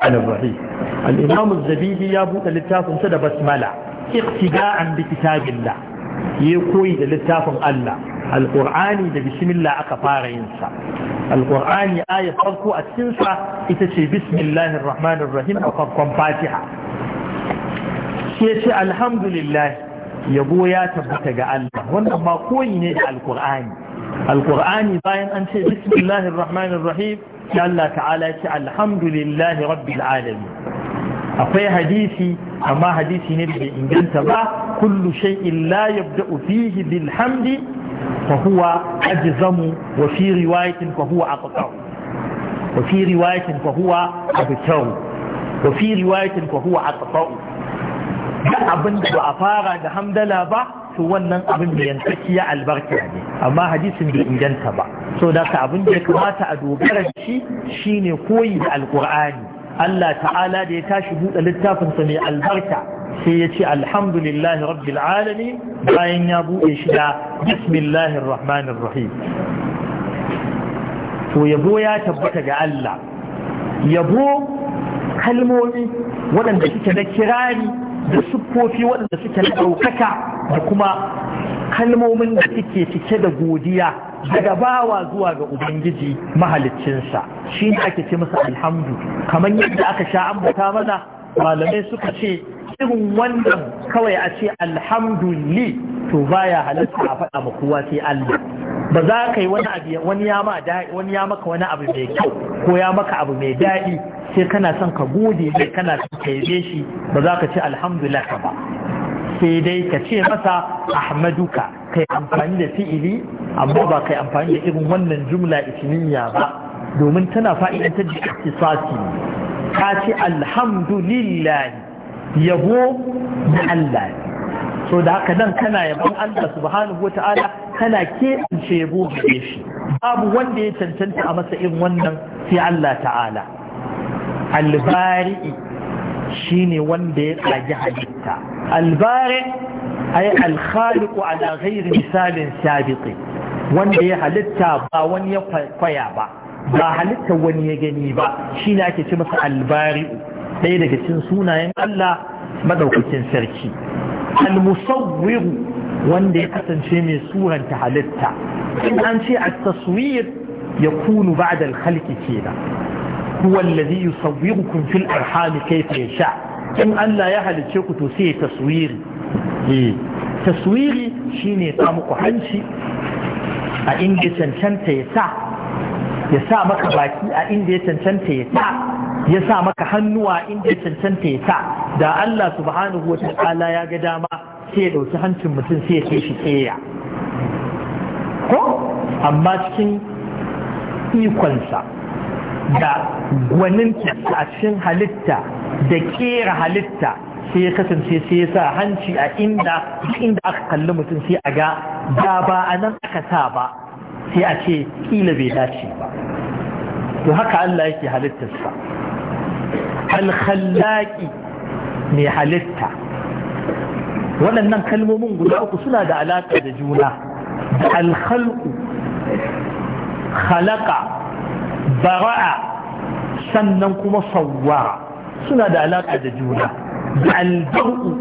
al-rahim al-imam az-zabidi ya buɗe littafin sa da basmala iqtida'an bi kitabillah ya koyi da littafin Allah al-qur'ani da bismillah aka fara yin sa al-qur'ani aya farko a cikin sa ita ce bismillahir rahmanir rahim a farkon fatiha sai ce alhamdulillah yabo ya tabbata ga Allah wannan ma koyi ne da al-qur'ani al-qur'ani bayan an ce bismillahir rahmanir rahim Allah ta'ala ce alhamdulillahi rabbil akwai hadisi amma hadisi ne bai inganta ba kullu shay'in la yabda'u fihi bil hamdi fa huwa ajzamu wa fi riwayatin fa huwa aqtaru wa fi riwayatin fa huwa abtaru wa fi riwayatin fa huwa aqtaru da abin da ba a fara da hamdala ba to wannan abin da ya albarka ne amma hadisin bai inganta ba so da ka abin da ya kamata a dogara shi shine koyi da alkur'ani Allah ta'ala da ya tashi buɗe littafinsa mai albarka sai ya ce alhamdulillahi rabbil bayan ya buɗe shi da bismillahir rahmanir rahim to yabo ya tabbata ga Allah yabo kalmomi waɗanda suke na kirari da siffofi waɗanda suke na ɗaukaka da kuma kalmomin da suke cike da godiya daga bawa zuwa ga ubangiji mahaliccinsa shi ne ake ce masa alhamdu kamar yadda aka sha an ambata mana malamai suka ce irin wannan kawai a ce alhamdulillah to baya halatta a faɗa ma kowa sai Allah ba za ka yi wani ya maka wani abu mai kyau ko ya maka abu mai daɗi sai kana son ka gode mai kana son ka yabe shi ba za ka ce alhamdulillah ba sai dai ka ce masa ahmaduka kai amfani da fi'ili amma ba kai amfani da irin wannan jumla ismiya ba domin tana fa'idantar da sati ka ce alhamdulillah yabo da Allah so da haka nan kana yabon Allah subhanahu wata'ala kana ke yabo gare shi babu wanda ya cancanta a masa irin wannan sai Allah ta'ala albari'i shine wanda ya tsagi halitta albari ay alkhaliqu ala ghairi misalin sabiqi wanda ya halitta ba wani ya kwaya ba ba halitta wani ya gani ba shine ake ce masa albari ɗaya daga cikin sunayen Allah madaukakin sarki almusawwiru wanda ya kasance mai suranta halitta in an ce at-taswir yakunu ba'da al kenan huwa alladhi yusawwirukum fil arham ya sha. in Allah ya halice ku to sai ya taswiri taswiri shine ya muku hanci a inda cancanta ya sa ya sa maka baki a inda ya cancanta ya sa ya sa maka hannuwa inda ya cancanta ya sa da Allah subhanahu wa ta'ala ya ga dama sai ya dauki hancin mutum sai ya kai shi ko amma cikin ikonsa da gwaninta a cikin halitta da kera halitta sai ya kasance sai ya sa hanci a inda inda aka kalli mutum sai a ga da ba a nan aka sa ba sai a ce kila bai dace ba to haka Allah yake halittarsa alkhallaki mai halitta waɗannan kalmomin guda uku suna da alaƙa da juna da alkhalku khalaqa bara'a sannan kuma sawwara suna da alaƙa da juna da albar'u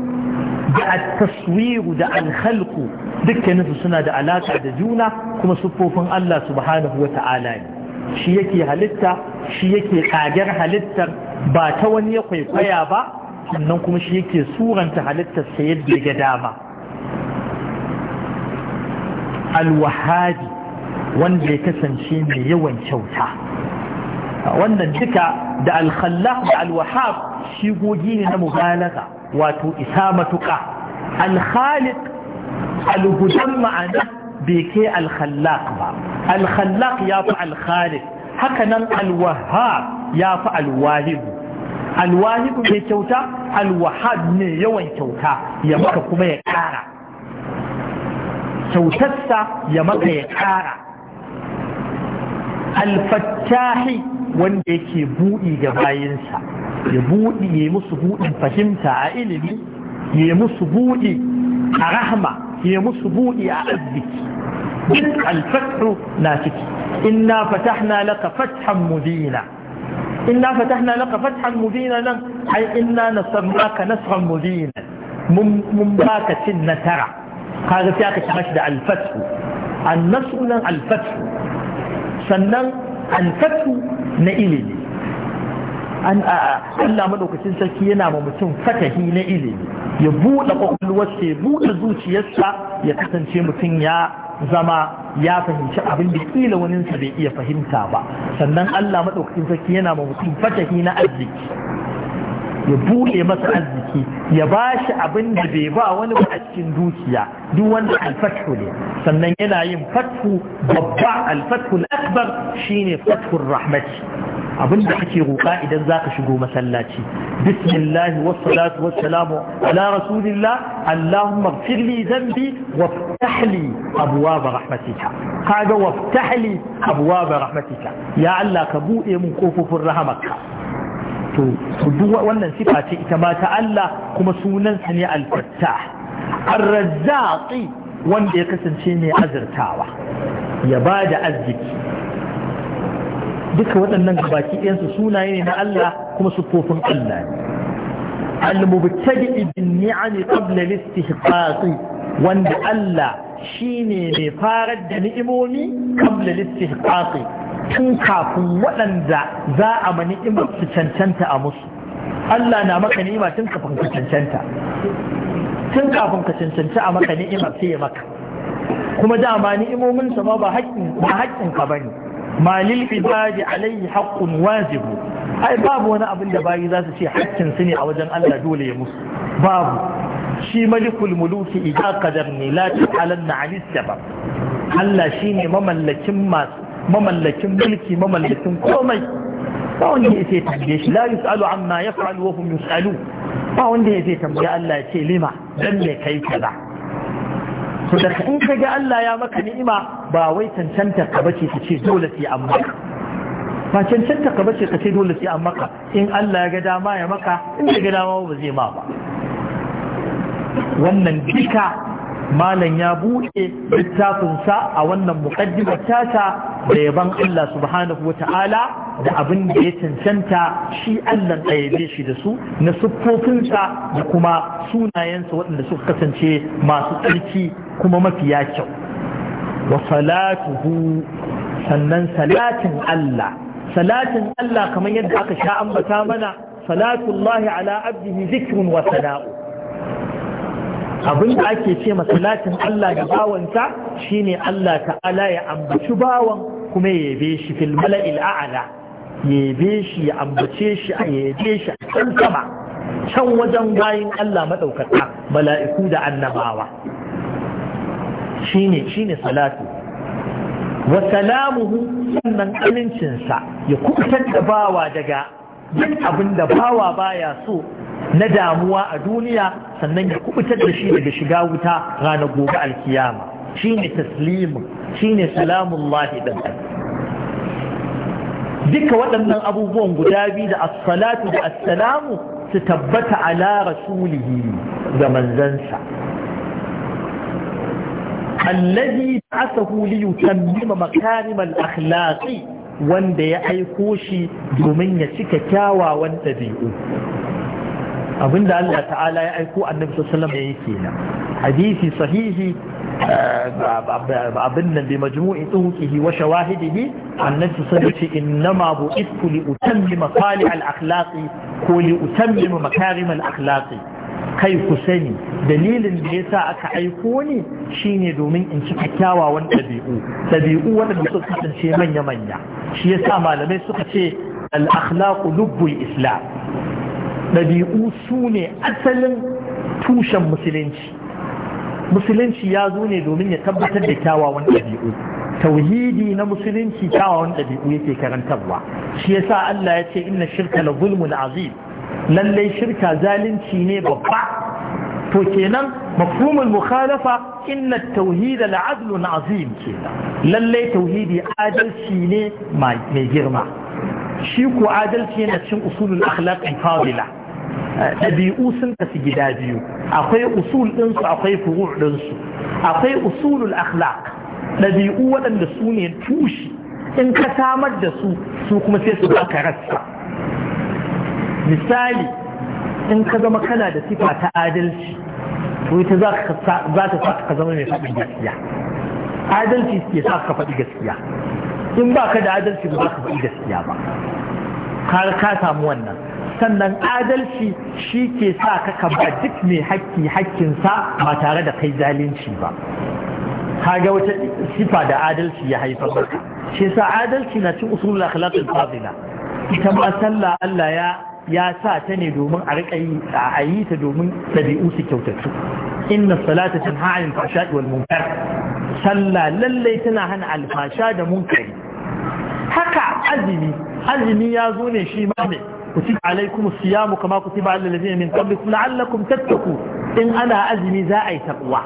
da taswiru da alhalku dukkaninsu suna da alaƙa da juna kuma siffofin Allah subhanahu wata'ala ne shi yake halitta shi yake kagar halittar ba ta wani ya kwaikwaya ba sannan kuma shi yake suranta halittar sa yadda ga dama alwahadi wanda ya kasance mai yawan kyauta wannan duka da alkhalla da alwahab shigogi ne na mubalaga wato isa matuƙa alkhaliq algudan ma'ana bai kai alkhallaq ba alkhallaq ya fi alkhaliq haka nan alwahab ya fi alwahib alwahib mai kyauta alwahab ne yawan kyauta ya maka kuma ya ƙara kyautarsa ya maka ya ƙara alfattahi wanda yake buɗi ga bayansa ya buɗi ya musu buɗin fahimta a ilimi ya musu buɗi a rahama ya musu buɗi a arziki duk alfatru na ciki inna fatahna laka fathan mubina inna fatahna laka fathan mubina nan ai inna nasarnaka nasran mubina mun baka cin nasara kaga sai aka kira shi da alfatru annasu nan alfatru sannan alfatru na ilimi an a Allah madaukakin sarki yana ma mutum fatahi na ilimi ya buɗe kwakwalwarsa ya buɗe zuciyarsa ya kasance mutum ya zama ya fahimci abin da kila waninsa bai iya fahimta ba sannan Allah madaukakin sarki yana ma mutum fatahi na arziki ya buɗe masa arziki ya ba shi abin da bai ba wani ba a cikin dukiya duk wanda alfatu ne sannan yana yin fatu babba alfathu akbar shine fathur rahmati abin da kake roƙa idan za ka shigo masallaci bismillah wassalatu wassalamu ala rasulillah allahumma ighfir li dhanbi waftah li rahmatika kaga waftah li rahmatika ya allah ka buɗe mun kofofin rahamarka to duk wannan sifa ce ita ma ta Allah kuma sunansa ne al-fattah ar-razzaqi wanda ya kasance mai azurtawa ya ba da arziki duka waɗannan gabaki ɗayansu sunaye ne na Allah kuma sufofin Allah ne al-mubtadi bin ni'am qabla al-istihqaq wanda Allah shine mai farar da ni'imomi qabla al-istihqaq tun kafin waɗanda za a mani ni'imar su cancanta a musu Allah na maka ni'ima tun kafin ka cancanta tun kafin ka cancanta a maka ni'ima sai ya maka kuma dama ni'imomin sa ba haƙƙin ba haƙƙin ka bane ma lil ibadi alayhi haqqun wajib ai babu wani abin da bayi za su ce haƙƙin su ne a wajen Allah dole ya musu babu shi malikul muluki idza qadarni la tahalanna 'ala sabab Allah shine mamallakin masu mamallakin mulki mamallakin komai ba wanda ya sai tambaye shi la yus'alu amma yaf'alu wa hum yus'alu ba wanda ya sai tambaye Allah ya ce lima dan me kai kaza to da in ka ga Allah ya maka ni'ima ba wai cancanta ka bace ka ce dole sai amma maka ba cancanta ka bace ka ce dole sai amma ka. in Allah ya ga dama ya maka in ya ga dama ba zai ma ba wannan duka malam ya buɗe littafinsa a wannan muƙaddimar tata da yaban Allah subhanahu wa ta'ala da abin da ya cancanta shi Allah ɗaya shi da su na siffofinsa da kuma sunayensa waɗanda suka kasance masu tsarki kuma mafiya kyau wa salatuhu sannan salatin Allah salatin Allah kamar yadda aka sha ambata mana salatullahi ala abdihi zikrun wa sana'u abin da ake ce masalatin Allah da bawansa shine Allah ta'ala ya ambaci bawan kuma ya yabe shi fil mala'il a'ala yabe shi ya ambace shi a yabe shi a can sama can wajen bayin Allah madaukaka mala'iku da annabawa shine shine salatu wa salamuhu sannan amincinsa ya kubutar da bawa daga duk abin da bawa baya so na damuwa a duniya sannan ya kubutar da shi daga shiga wuta ranar gobe alkiyama shine taslimu shine salamullahi dan duka waɗannan abubuwan guda biyu da as da as su tabbata ala rasulihi ga manzansa الذي بعثه ليتمم makarimal الأخلاق wanda ya aiko shi domin ya cika kyawawan ɗabi'u abinda Allah ta'ala ya aiko annabi sallallahu alaihi wasallam yake hadisi sahihi eh, abin nan bi majmu'i tuhuqihi wa shawahidihi annabi sallallahu alaihi wasallam inna ma isku li utammima salih al akhlaqi ko li utammima makarim al akhlaqi kai ku sani dalilin da yasa aka aiko ni shine domin in ci kyawawan dabi'u dabi'u wanda suka kasance manya manya shi yasa malamai suka ce al akhlaqu lubbul islam ɗabi'u su ne asalin tushen musulunci musulunci ya zo ne domin ya tabbatar da kyawawan ɗabi'u tauhidi na musulunci kyawawan ɗabi'u yake karantarwa shi yasa Allah ya ce inna shirka la zulmun azim lallai shirka zalunci ne babba to kenan mafhumul mukhalafa inna tauhida la adlun azim kenan lallai tauhidi adalci ne mai girma shi ku adalci yana cin usulul akhlaq fadila ɗabi'u sun kasu gida biyu akwai usul ɗinsu akwai furu ɗinsu akwai usulul akhlaq ɗabi'u waɗanda su ne tushe in ka samar da su su kuma sai su ba baka rassa misali in ka zama kana da sifa ta adalci to ita za ta sa ka zama mai faɗin gaskiya adalci ke sa ka faɗi gaskiya in ba ka da adalci ba za ka faɗi gaskiya ba ka samu wannan sannan adalci shi ke sa ka kaba duk mai haƙƙi haƙƙinsa ba tare da kai zalunci ba kaga wata sifa da adalci ya haifar maka shi sa adalci na cin usulul akhlaqil fadila ita ma sallah Allah ya ya sa ta ne domin a riƙa yi a yi ta domin ɗabi'u su kyautattu inna salata tanha anil fahsha'i wal munkar sallah lallai tana hana alfasha da munkari haka azumi azumi ya zo ne shi ma ne Ku alaikum siyamu kama kutiba alal ladina min qablikum la'allakum tattaqu in ana azumi za a yi taqwa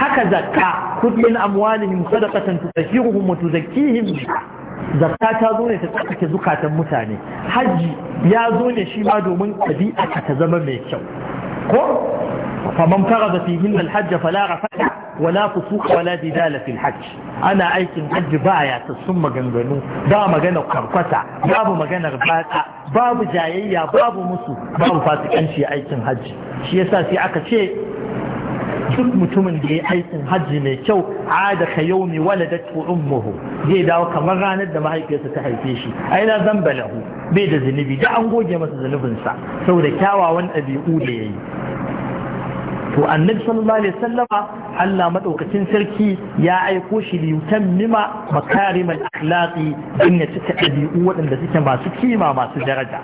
haka zakka kut min amwalihim sadaqatan tutahhiruhum wa tuzakkihim zakka ta zo ne ta tsarkake zukatan mutane hajji ya zo ne shima domin ɗabi'a ta zama mai kyau ko faman faraza fihin alhajj fala rafata wala fusuq wala didala fil hajj ana aikin hajji ba ya ta maganganu ba magana karkwata babu maganar batsa babu jayayya babu musu babu fasikanci aikin hajji shi yasa sai aka ce duk mutumin da ya aikin hajji mai kyau ada ka yau mai waladat muhu zai dawo kamar ranar da mahaifiyarsa ta haife shi a la zamba lahu bai da zunubi da an goge masa zunubinsa saboda kyawawan ɗabi'u da ya yi. to annabi sallallahu alaihi wasallama Allah madaukakin sarki ya aiko shi li yutammima makarimal akhlaqi in ya cika ɗabi'u waɗanda suke masu kima masu daraja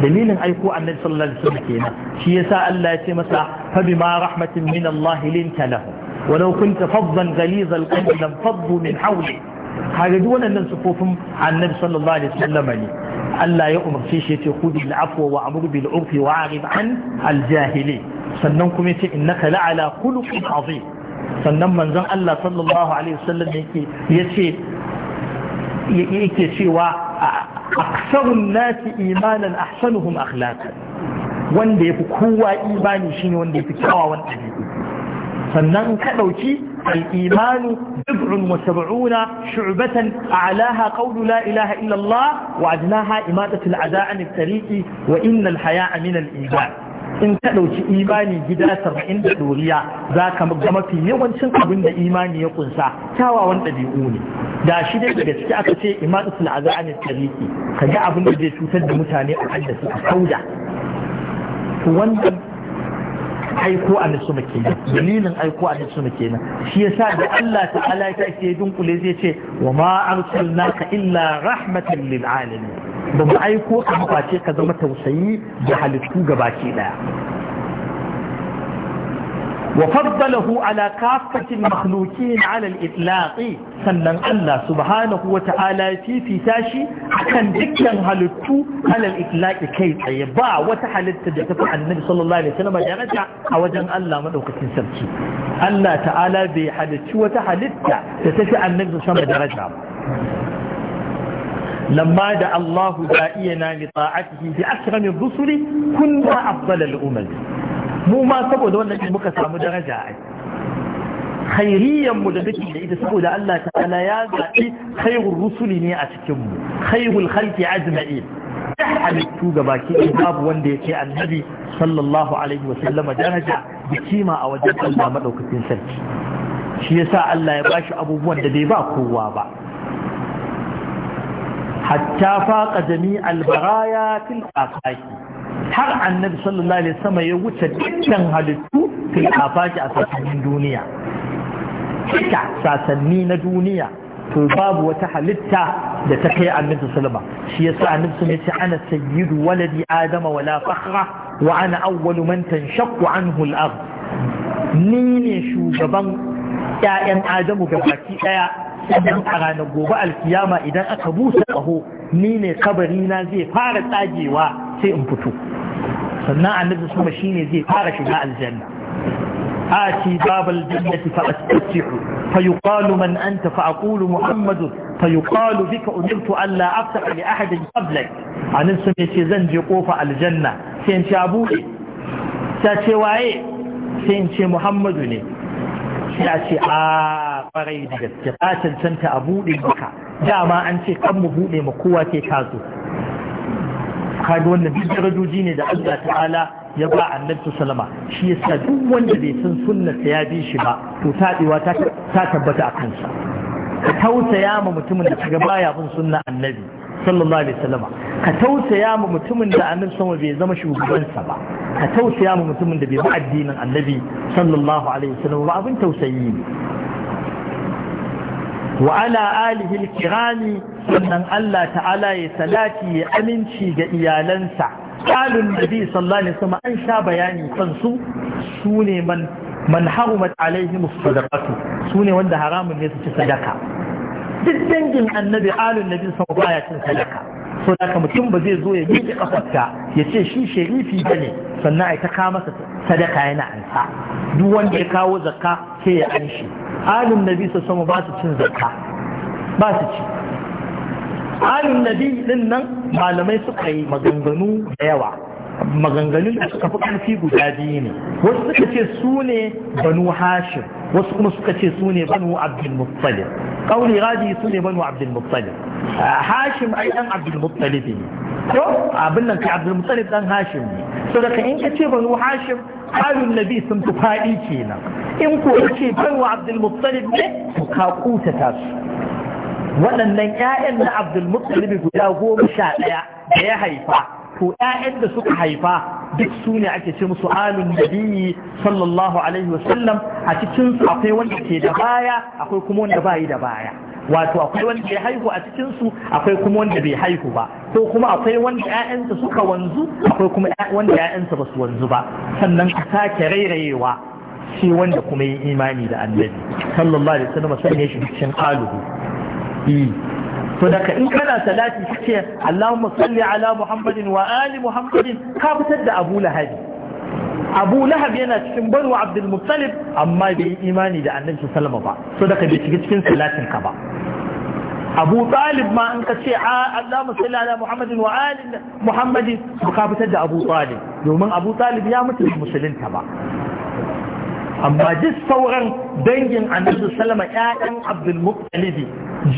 dalilin aiko annabi sallallahu alaihi wasallam kenan shi yasa Allah ya ce masa fa bima rahmatin min Allah linta lahu walau kunta faddan ghaliz al-qalbi lam faddu min hawli kaga duk waɗannan sufofin annabi sallallahu alaihi wasallam ne Allah ya umarce shi ya ce khudh bil wa amr bil wa a'rid an al sannan kuma yace innaka la'ala khuluqin azi sannan manzan Allah sallallahu alaihi wasallam yake yace yake cewa aksarun nasi imanan ahsanuhum akhlaqan wanda yafi kowa imani shine wanda yafi kyawawan ɗabi'u sannan ka ɗauki al'imanu imanu wa sab'una shu'batan a'laha qawlu la ilaha illa Allah wa adnaha imatatul ada'a an wa innal haya min al-iman in ka ɗauki imani gida saba'in da ɗoriya za ka ga mafi yawancin abin da imani ya kunsa kyawawan ɗabi'u ne da shi dai daga ciki aka ce imanu sul'aza an tariki ka ga abin da zai cutar da mutane a kan da suka kauda aiko a nasu kenan dalilin aiko a nasu kenan shi yasa da Allah ta'ala ta ke dunkule zai ce wa ma arsalnaka illa rahmatan lil alamin ba aiko ka ce ka zama tausayi da halittu gabaki daya وفضله على كافة المخلوقين على الإطلاق سنن الله سبحانه وتعالى في في تاشي كان ذكرا هلتو على الإطلاق كي يباع وتحلت تدفع النبي صلى الله عليه وسلم يرجع أوجن الله من أوقت سبتي الله تعالى بحلت وتحلت تتسع النبي صلى الله عليه وسلم يرجع لما دعا الله دائينا لطاعته بأكرم الرسل كنا أفضل الأمم mu ma saboda wannan din muka samu daraja ai khairiyyan mu da take da ita saboda Allah ta'ala ya zaɓi khairul rusuli ne a cikin mu khairul khalqi ajmai halittu ga baki ɗaya babu wanda ya ce annabi sallallahu alaihi wa sallama daraja da kima a wajen Allah madaukakin sarki shi yasa Allah ya bashi abubuwan da bai ba kowa ba hatta faqa jami'al baraya fil afaki har annabi sallallahu alaihi wasallam ya wuce dukkan halittu fil afaki a sassanin duniya duka sasanni na duniya to babu wata halitta da ta kai annabi sallallahu shi yasa annabi sallallahu alaihi ana sayyidu waladi adama wala fakhra wa ana awwalu man tanshaqqu anhu al-ard ni ne shugaban ‘ya'yan Adamu ga baki ɗaya idan a ranar gobe alkiyama idan aka busa ƙaho ni ne kabari na zai fara tsagewa sai in fito. sannan annabi kuma shine zai fara shiga aljanna ati babal jannati fa astafihu fa yuqalu man anta fa aqulu muhammad fa yuqalu bika ujibtu an la afta li ahad qablak anan sai ce zan je kofa aljanna sai in ce abu sai ce waye sai in ce muhammadu ne sai a ce a farai da gaske ta cancanta abu din baka dama an ce kan mu bude mu kowa ke tazo kaga wannan duk darajoji ne da Allah ta'ala ya ba annabi salama. shi yasa duk wanda bai san sunna ta ya bi shi ba to tadewa ta tabbata a kansa ka tausaya ma mutumin da kaga baya bin sunna annabi sallallahu alaihi wasallama ka tausaya ma mutumin da annabi sama bai zama shugabansa ba ka tausaya ma mutumin da bai bi addinin annabi sallallahu alaihi wasallama ba abin tausayi ne wa ala alihi al-kirami sannan Allah ta'ala ya salati ya aminci ga iyalansa kalun nabi sallallahu alaihi wasallam an sha bayani kansu su ne man man harumat alaihim sadaqatu su ne wanda haramun ne su ci sadaka duk dangin annabi alun nabi sallallahu alaihi wasallam cin sadaka so da mutum ba zai zo ya yi kafarta ya ce shi sharifi ne, sannan ai ta kawo masa sadaka yana ansa duk wanda ya kawo zakka sai ya anshi alun nabi sallallahu alaihi wasallam ba su cin zakka ba su ci annabi din nan malamai suka yi maganganu da yawa maganganun da suka fi ƙarfi guda biyu ne wasu suka ce su ne banu hashim wasu kuma suka ce su ne banu abdul muttalib kauli su ne banu abdul muttalib hashim ai dan abdul muttalib ne ko abin nan kai abdul muttalib dan hashim ne so daga in ka ce banu hashim alun nabi sun fi faɗi kenan in ko ka ce banu abdul muttalib ne ka kuta ta su waɗannan ‘ya'yan na abdulmuttalibi guda goma sha ɗaya da ya haifa to ‘ya'yan da suka haifa duk su ne ake ce musu alun nabiyyi sallallahu alaihi wasallam a cikinsu akwai wanda ke da baya akwai kuma wanda bayi da baya wato akwai wanda ya haihu a cikinsu akwai kuma wanda bai haihu ba ko kuma akwai wanda ‘ya'yansa suka wanzu akwai kuma wanda ‘ya'yansa ba su wanzu ba sannan a sake rairayewa shi wanda kuma yi imani da annabi sallallahu alaihi wasallam sai ne shi cikin aluhu to daga in kana salati kace Allahumma salli ala Muhammadin wa ali Muhammadin ka fitar da Abu Lahab Abu Lahab yana cikin Banu Abdul Muttalib amma bai imani da Annabi sallallahu alaihi wasallam ba to daga bai shiga cikin salatin ka ba Abu Talib ma in kace Allahumma salli ala Muhammadin wa ali Muhammadin ka fitar da Abu Talib domin Abu Talib ya mutu musulunta ba amma duk sauran dangin annabi salama ƴaƴan abdul muttalibi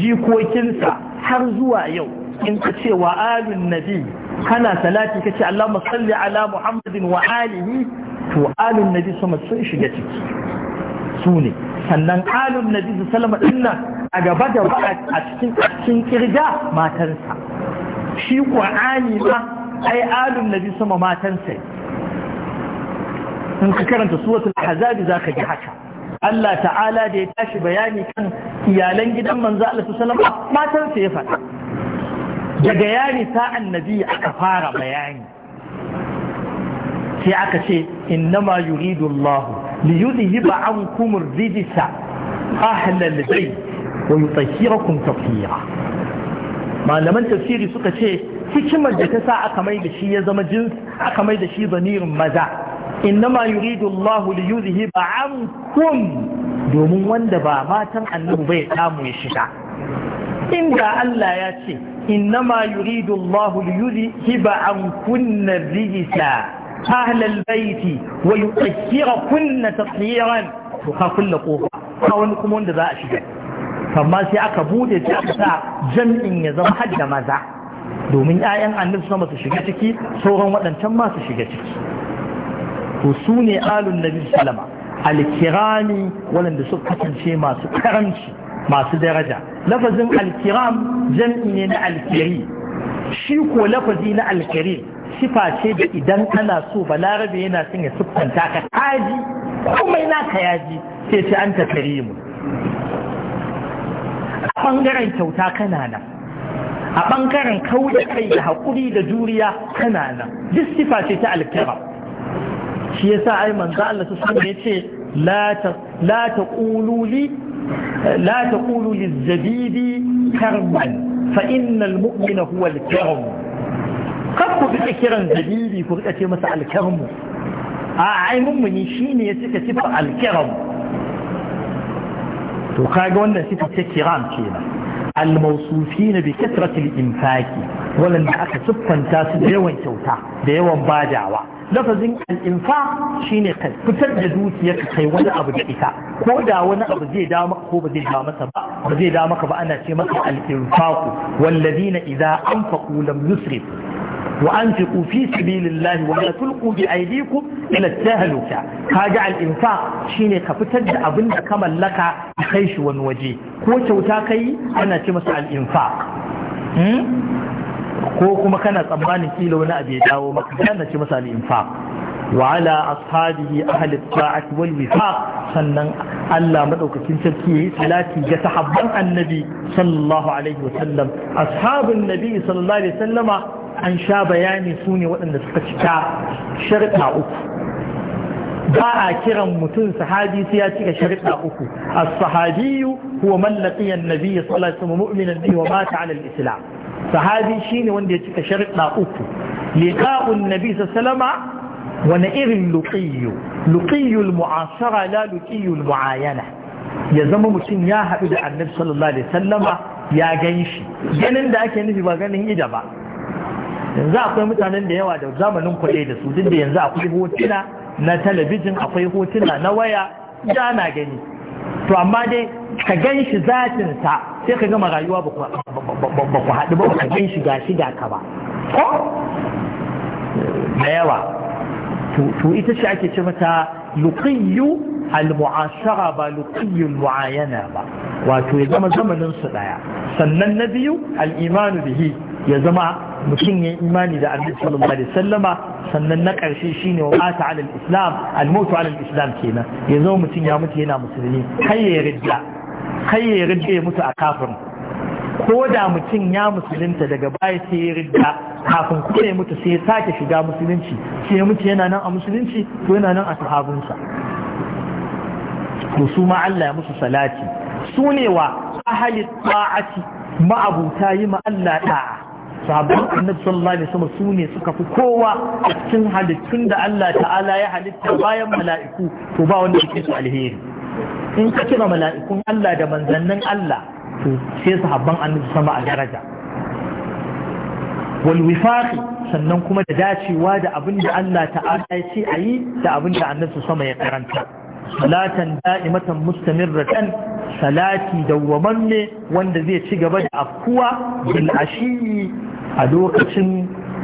jikokinsa har zuwa yau in ka ce wa alun nabi kana salati ka ce Allahumma salli ala muhammadin wa alihi to alun nabi sama sun shiga ciki su ne sannan alun nabi salama dinnan a gaba da a cikin cikin kirga matansa shi qur'ani ma ai alun nabi sama matansa in ka karanta suratul ahzab zaka ji haka Allah ta'ala da ya tashi bayani kan iyalan gidan manzo Allah sallallahu alaihi wasallam matan sa ya faɗa daga yani sa annabi aka fara bayani sai aka ce innama yuridu Allah li yudhiba ankum ar-rijsa ahla al-bayt wa yutahhirakum tatheera malaman tafsiri suka ce hikimar da ta sa aka mai da shi ya zama jins aka mai da shi zamirin maza innama yuridu Allah li yuzhiba ankum domin wanda ba matan annabi bai samu ya shiga inda Allah ya ce innama yuridu Allah li yuzhiba ankum rijsa ahla albayti wa yutahhirakum tathiran to ka kulle kofa ka wani kuma wanda za a shiga amma sai aka bude ta aka sa jam'in ya zama hadda maza domin 'ya'yan annabi sama su shiga ciki sauran waɗancan ma su shiga ciki to su ne alun nabi salama alkirami waɗanda su kasance masu karanci masu daraja lafazin alkiram jam'i ne na alkiri shi ko lafazi na alkiri sifa ce da idan kana so balarabe yana son ya siffanta ka kuma komai ka yaji sai ce an tafari mu a ɓangaren kyauta kana nan a ɓangaren kauda kai da hakuri da juriya kana nan duk sifa ce ta alkiram shi yasa ai manzo Allah su sun ce la ta la taqulu li la taqulu lizabidi karman fa mu'mina huwa al-karm ku bi kiran zabidi ku rika ce masa al-karm a ai mummuni shine ya cika sifa al-karm to kaga wannan sifa ce kiram kenan al-mawsufin bi kasrati infaki wannan aka siffanta su da yawan kyauta da yawan badawa lafazin al'infa shine kai fitar da dukiyarka kai wani abu da ita ko da wani abu zai da maka ko ba zai da masa ba ba zai da maka ba ana ce masa al-infaqu wallazina idza anfaqu lam yusrif wa anfiqu fi sabilillahi wa la tulqu bi aydikum ila at ka kaga al shi shine ka fitar da abin da ka mallaka kai shi wani waje ko kyauta kai ana ce masa al'imfa. Hmm? ko kuma kana tsammanin kila wani abu ya dawo maka kana ce masa al-infaq wa ala ashabihi ahli at wal wifaq sannan Allah madaukakin sarki yayi salati ga sahabban annabi sallallahu alaihi wa sallam ashabun nabi sallallahu alaihi wa sallama an sha bayani su waɗanda suka cika sharta uku ba a kiran mutum sahabi sai ya cika sharta uku as-sahabiyyu huwa man laqiya an-nabiy sallallahu alaihi wa sallam mu'minan bihi wa mata ala al-islam sahabi shine wanda ya cika sharuɗa uku liqa'un nabi sallama wani irin luƙiyu luƙiyul mu'asara la luƙiyul mu'ayana ya zama mutum ya haɗu da annabi sallallahu alaihi sallama ya gan shi ganin da ake nufi ba ganin ida ba yanzu akwai mutanen da yawa da zamanin kuɗe da su duk da yanzu akwai hotuna na talabijin akwai hotuna na waya ya na gani to amma dai ka gan shi zatinsa sai ka gama rayuwa ba ku haɗu ba ka gan shi gashi ka ba ko da yawa to ita ce ake ce mata luqiyyu al-mu'ashara ba luqiyyu al-mu'ayana ba wato ya zama zamanin su daya sannan na biyu al-imanu bihi ya zama mutum ya imani da annabi sallallahu alaihi wasallama sannan na karshe shine wa mata ala islam al ala islam kenan ya zama mutum ya mutu yana musulmi kai ya rida kai ya ridda ya mutu a kafirin ko da mutum ya musulunta daga baya sai ya ridda kafin kuma ya mutu sai ya sake shiga musulunci sai ya mutu yana nan a musulunci ko yana nan a sahabinsa to su ma Allah ya musu salati su ne wa ahli ta'ati abuta yi ma Allah ta'a sabon annabi sallallahu alaihi su ne suka fi kowa a cikin halittun da Allah ta'ala ya halitta bayan mala'iku to ba wanda yake su alheri in ka kira mala'ikun Allah da manzannin Allah to sai sahabban annabi sama a daraja wal sannan kuma da dacewa da abin da Allah ta'ala ya ce yi da abin da annabi sama ya karanta salatan da'imatan mustamirratan salati dawwamanne wanda zai ci gaba da afkuwa bil ashi a lokacin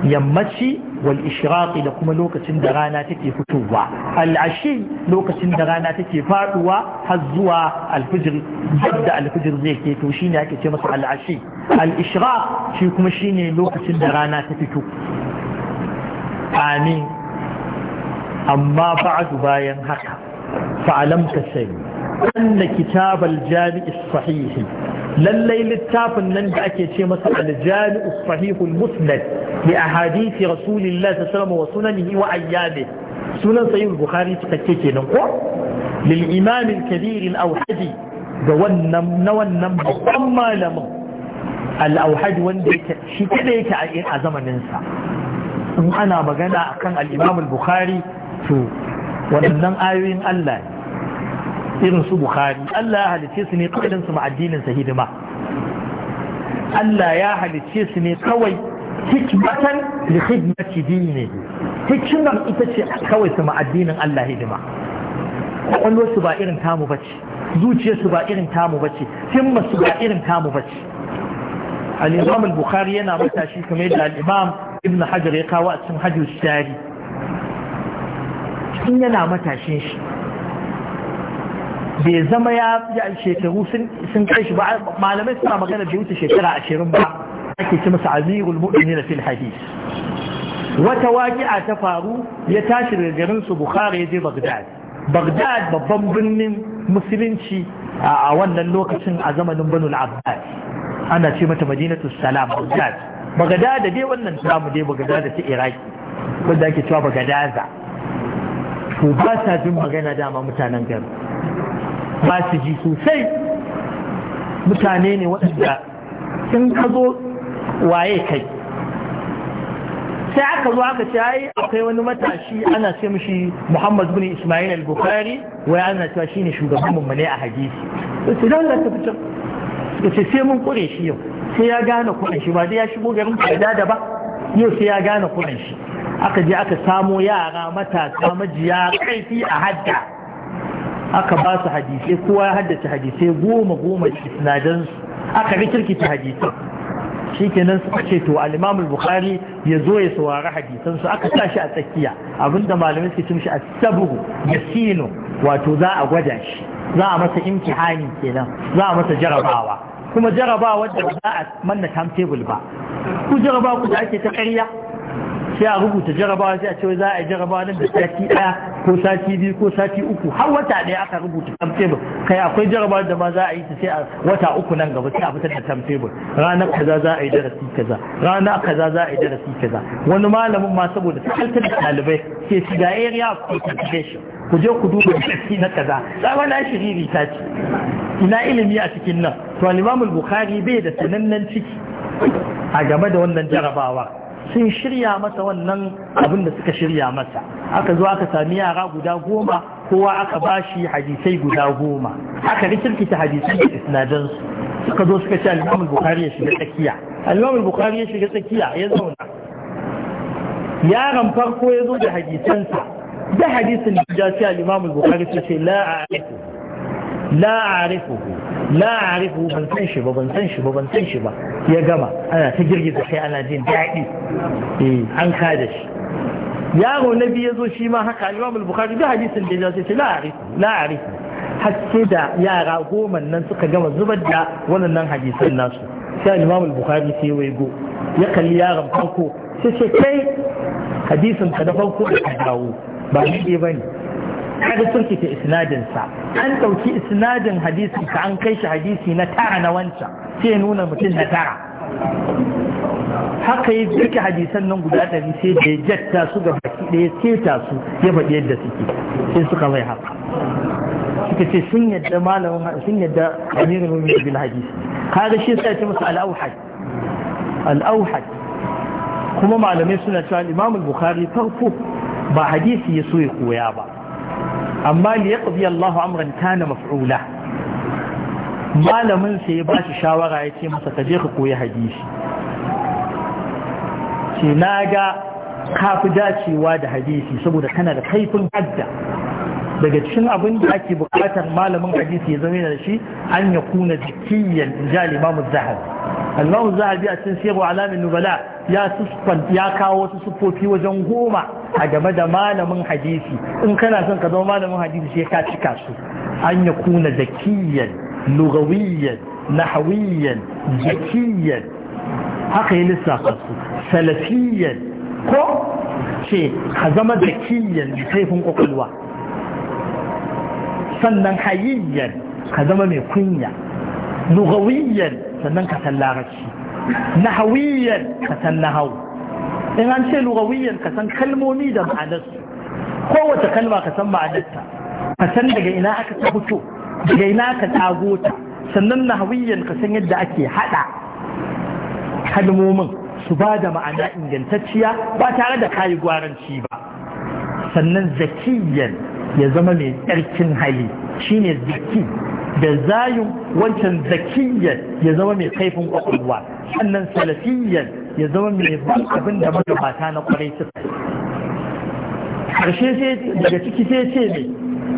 yammaci wal ishraqi da kuma lokacin da rana take fitowa al ashi lokacin da rana take faduwa har zuwa alfijir da alfijir zai keto shine ake ce masa al ashi al ishraq shi kuma shine lokacin da rana ta fito amin amma ba'du bayan haka fa'alam tasayyi anna kitabal jami'i sahihi lallai littafin nan da ake ce masa al-jami'u sahihul musnad li ahadithi rasulillahi sallallahu alaihi wasallam wa sunanihi wa ayyami sunan sahih bukhari cikakke kenan ko lil imam al-kabir al-awhadi ga wannan na wannan babban malamin al-awhadi wanda yake shi kada yake a zamanin sa in ana magana akan al-imam al-bukhari to wannan ayoyin Allah ne irin su bukhari Allah ya halice su ne kawai su ma'addinin sa hidima Allah ya halice su ne kawai hikmatan li khidmati dini hikimar ita ce kawai su ma'addinin Allah hidima kwakwalwar su ba irin tamu bace zuciyar su ba irin tamu bace himmar su ba irin tamu bace al-imam al-bukhari yana matashi kamar yadda al-imam ibn hajar ya kawo a cikin hajjus tari in yana matashin shi bai zama ya shekaru sun kai shi ba malamai suna magana bai wuce shekara ashirin ba ake ci masa amirul mu'minin fil hadis wata waƙi'a ta faru ya tashi daga garin su bukhari ya je babban birnin musulunci a wannan lokacin a zamanin banul abbas ana ce mata madinatu salam da dai wannan samu dai da ta iraki wanda ake cewa bagadaza Ku ba sa jin magana dama mutanen garin ba su ji sosai mutane ne waɗanda sun ka zo waye kai sai aka zo aka ce ai akwai wani matashi ana ce mishi Muhammad bin Ismail al-Bukhari wai ana cewa shine shugaban mu ne a hadisi sai dan tafi ta fita sai mun kure shi yau sai ya gane kuɗin shi ba dai ya shigo garin kaida da ba yau sai ya gane kuɗin shi aka je aka samo yara matasa majiya kaifi a hadda aka ba su hadisai kowa ya haddace hadisai goma goma isnadansu aka ta hadisai shikenan suka ce to al-Imam al-Bukhari ya zo ya saurari hadisan su aka tashi a tsakiya abinda malamai suke cin shi a sabu yasino wato za a gwada shi za a masa imtihani kenan za a masa jarabawa kuma jarabawa da ba za a manna timetable ba ku jarabawa ku da ake ta ƙarya sai a rubuta jarabawa sai a ce za a yi jarabawa nan da sati ɗaya ko sati biyu ko sati uku har wata ɗaya aka rubuta timetable kai akwai jarabawa da ma za a yi ta sai a wata uku nan gaba sai a fitar da timetable ranar kaza za a yi darasi kaza ranar kaza za a yi darasi kaza wani malamin ma saboda takaltar da ɗalibai ke shiga area of concentration ku je ku duba darasi na kaza tsawon na shiriri ta ce ina ilimi a cikin nan to al bukhari bai da sanannen ciki a game da wannan jarabawa sun shirya masa wannan abin da suka shirya masa aka zo aka sami yara guda goma kowa aka bashi hadisai guda goma aka rikirkita hadisai da isnadansu suka zo suka ce alimamin bukari ya shiga tsakiya alimamin bukari ya shiga tsakiya ya zauna yaron farko ya zo da hadisansa da hadisin da ya ce al bukari bukhari sai ce la la ban san ba ban san ba ban san ba ya gama ana ta girgiza kai ana jin daɗi eh, an kada shi yaro na biyu yazo shi ma haka Imam al-Bukhari da hadisin da ya ce la a'rifu la haske da yara goma nan suka gama zubar da wannan hadisan nasu sai Imam bukhari sai waigo ya kalli yaron farko sai ce hadisin ka na farko da ka ba ni ba ne kaga turkita isnadinsa an ɗauki isnadin hadisi ka an kai shi hadisi na tara na wancan sai nuna mutum na tara haka yi duka hadisan nan guda ɗari sai da ya jatta su ga baki ɗaya keta su ya faɗi yadda suke sai suka mai haka suka ce sun yadda malamin sun yadda amirin mumin bil hadisi kaga shi sai ya ce musu al-auhad kuma malamai suna cewa imamul bukhari farko ba hadisi ya so ya koya ba amma li yaqdi Allahu amran maf'ula malamin sai ya bashi shawara ya ce masa kaje ka koyi hadisi ce na ga kafi dacewa da hadisi saboda kana da kaifin hadda daga cikin abin da ake bukatar malamin hadisi ya zama da shi an ya kuna jikiyar inja limamu zahar alimamu zahar biya cikin siyarwa alamin nubala ya kawo wasu siffofi wajen goma a game da malamin hadisi in kana son ka zama malamin hadisi sai ka cika su an ya kuna zakiyan lugawiyan nahawiyan zakiyan haka yi lissafa su ko ce ka zama zakiyan kaifin kwakwalwa sannan hayiyyan ka zama mai kunya lugawiyan sannan ka san larabci nahawiyan ka san in an ce lugawiyan ka san kalmomi da ma'anarsu kowace kalma ka san ma'anarta ka san daga ina aka ta fito daga ina aka tago ta sannan nahawiyan ka san yadda ake hada kalmomin su ba da ma'ana ingantacciya ba tare da kayi gwaranci ba sannan zakiyan ya zama mai tsarkin hali shine zaki da zayin wancan zakiyyar ya zama mai kaifin kwakwalwa sannan salafiyyar ya zama mai ban abin da magabata na kwarai suka karshe sai daga ciki sai ce ne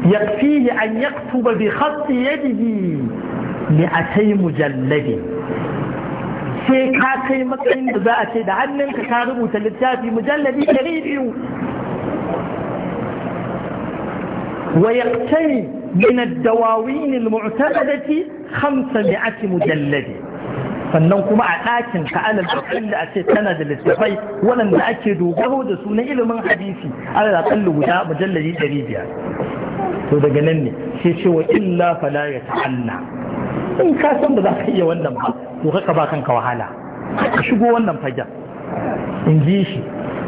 yakfihi an yaktuba bi khatti yadihi li atai mujalladi sai ka kai matsayin da za a ce da hannunka ka rubuta littafi mujalladi ɗari biyu ويقتني من الدواوين المعتمدة خمسمائة مجلد sannan kuma a ɗakin ka alal aƙalli a ce tana da littattafai waɗanda ake dogaro da su na ilimin hadisi alal aƙalli guda mujallari ɗari biyar to daga nan ne sai ce wa illa fala ya ta'anna in ka san ba za ka iya wannan ba to ka ba kanka wahala ka shigo wannan fagen in ji shi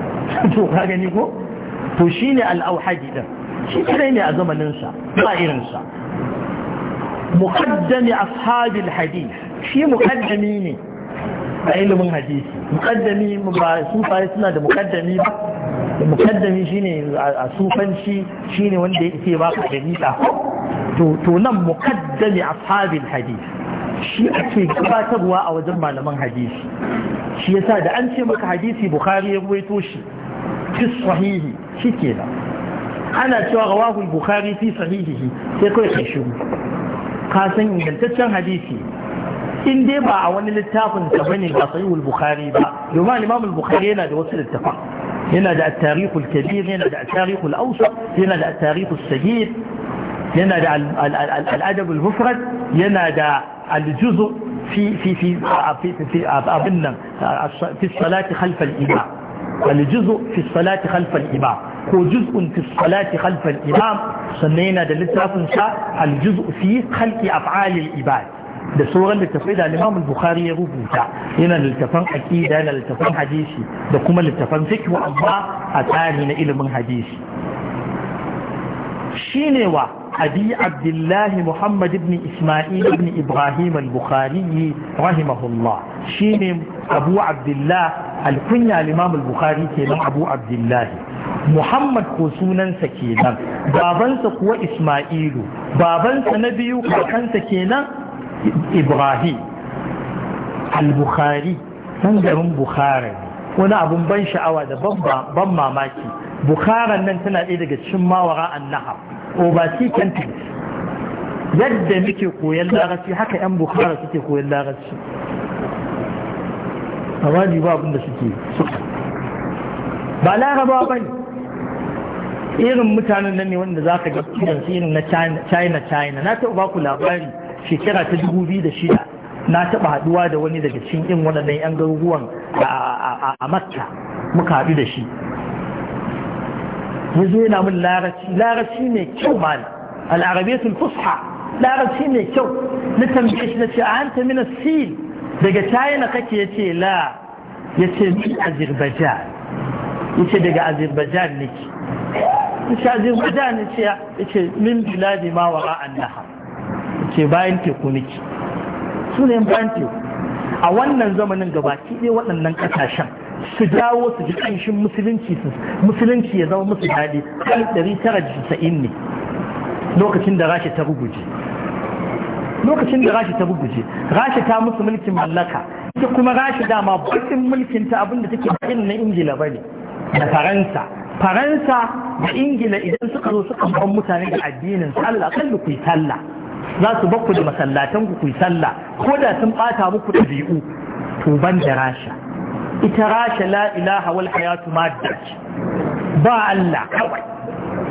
to ka gani ko to shine al-auhaji din shi kadai ne a zamaninsa ba irinsa muqaddami ashabil hadith shi mukaddami ne a ilimin hadisi mukaddami ba sufaye suna da mukaddami ba mukaddami shine a sufanci shine wanda yake ba ka hadisa to to nan mukaddami sabin hadisi shi a ke gabatarwa a wajen malaman hadisi shi yasa da an ce maka hadisi bukhari ya ruwaito shi fi sahihi da ana cewa rawahu bukhari fi sahihihi sai kawai ka shiru ka san ingantaccen hadisi in dai ba a wani littafin ka bane ba sahihul bukhari ba domin imam al-bukhari yana da wasu littafan yana da at-tarikh al-kabir yana da at-tarikh al-awsat yana da at-tarikh al-sagir yana da al-adab al-mufrad yana da al-juz fi fi fi fi abin nan fi salati khalf al-imam al-juz fi salati khalf al-imam ko juz'un fi salati khalf al-imam sannan yana da littafin sa al-juz fi khalqi af'al al-ibad da sauran littafai da Imam Bukhari ya rubuta yana littafan aqida yana littafan hadisi da kuma littafan fiqh amma a tsari na ilimin hadisi shine wa abi abdullahi muhammad ibn isma'il ibn ibrahim al-bukhari rahimahullah shine abu abdullah alkunya limam al-bukhari kenan abu abdullahi muhammad ko sunansa kenan babansa kuwa isma'ilu babansa na biyu kakansa kenan ibrahim al-bukhari nan garin Bukhari, wani abun ban sha'awa da ban mamaki bukharan nan tana ɗaya daga cikin mawara annahab overseas countries yadda muke koyon larabci haka 'yan bukhara suke koyon larabci A wani ba abin da suke ba laraba ba ne irin mutanen nan ne wanda za ka ga irin na china china na ba ku labari shekara ta dubu biyu da shida na taɓa haɗuwa da wani daga cikin yin waɗannan 'yan garuruwan a makka muka haɗu da shi yanzu zo yana min larabci larabci mai kyau mana al'arabiyatul fusha larabci mai kyau na tambaye shi na ce a hanta mina sil daga china kake ya ce la ya ce mi azerbaijan ya ce daga azerbaijan niki? ya ce azerbaijan ya ce min biladi ma wara an nahar ke bayan teku niki su ne bayan teku a wannan zamanin gabaki ɗaya waɗannan ƙasashen su jawo su ji ƙanshin musulunci su musulunci ya zama musu daɗi kan ɗari tara casa'in ne lokacin da rashi ta ruguje lokacin da rashi ta ruguje rashi ta musu mulkin mallaka ita kuma rashi dama bakin mulkin ta abinda take bakin na ingila ba ne da faransa faransa da ingila idan suka zo suka ban mutane da addinin sallah kallu ku yi sallah za su ku da masallatan ku kuyi sallah ko da sun bata muku ɗabi'u to ban da rasha ita rasha la ilaha wal hayatu madda ba Allah kawai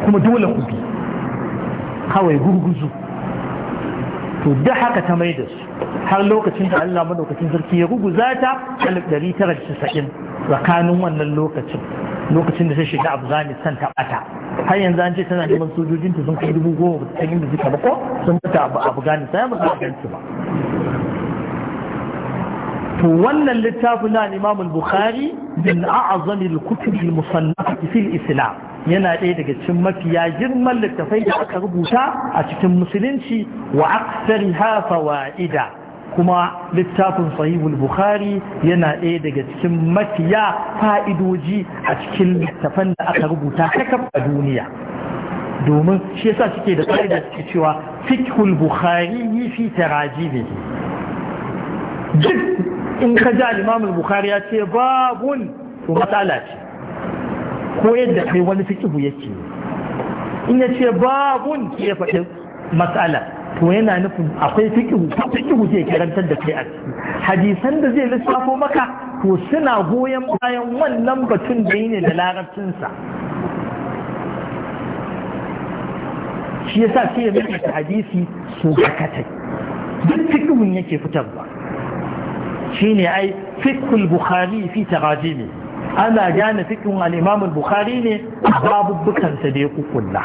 kuma dole ku bi kawai gurguzu to da haka ta mai da su har lokacin da Allah madaukakin sarki ya guguza ta 1990 tsakanin wannan lokacin lokacin da ta shiga Afghanistan ta bata har yanzu an ce tana neman sojojinta sun kai dubu goma ba ta inda suka ba ko sun fita a afghanistan ba za a ganci ba to wannan littafin na imam bukhari bin a'zami al-kutub al fi fil islam yana ɗaya daga cikin mafiya girman littafai da aka rubuta a cikin musulunci wa aksariha fawaida kuma littafin sahihul bukhari yana ɗaya daga cikin mafiya fa'idoji a cikin littafan da aka rubuta kakaf a duniya domin shi yasa suke da da suke cewa fikhul bukhari yi fi tarajibi duk in ka ji al bukhari ya ce babun to matsala ce ko yadda kai wani fikihu yake in ya ce babun ke faɗi matsala to yana nufin akwai fikihu fikihu ke karantar da kai a ciki hadisan da zai lissafo maka to suna goyon bayan wannan batun da ne da larabcinsa shi yasa sai ya mai hadisi su katai. duk fikihun yake fitarwa ne ai fikul bukhari fi tarajimi ana gane fikihun al-imam al-bukhari ne babu bukansa da ya kukulla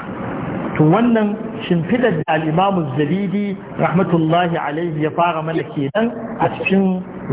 to wannan shimfidar da al’imamu zalidi rahmatullahi alaihi ya fara mana kenan a cikin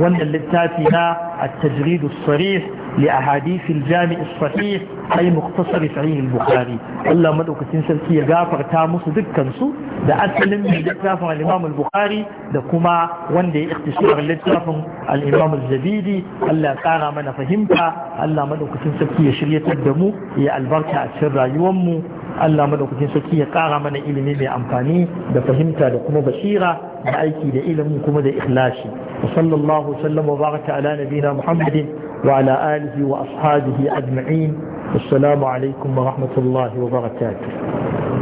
wannan littafi na a tajridu sarih li a hadisi jami'i sahih ai muktasar sahihin bukari Allah maɗaukacin sarki ya gafarta musu dukkansu da asalin mai littafin al’imamu bukari da kuma wanda ya ikhtisuwar littafin al’imamu zalidi Allah ya kara mana fahimta Allah maɗaukacin sarki ya shiryatar da mu ya albarka a cikin rayuwar mu. Allah madaukakin sarki ya kara mana ilimi mai amfani da fahimta da kuma basira da aiki da ilimin kuma da ikhlasi sallallahu sallam wa baraka ala nabina muhammadin wa ala alihi wa ashabihi ajma'in assalamu alaikum wa rahmatullahi wa barakatuh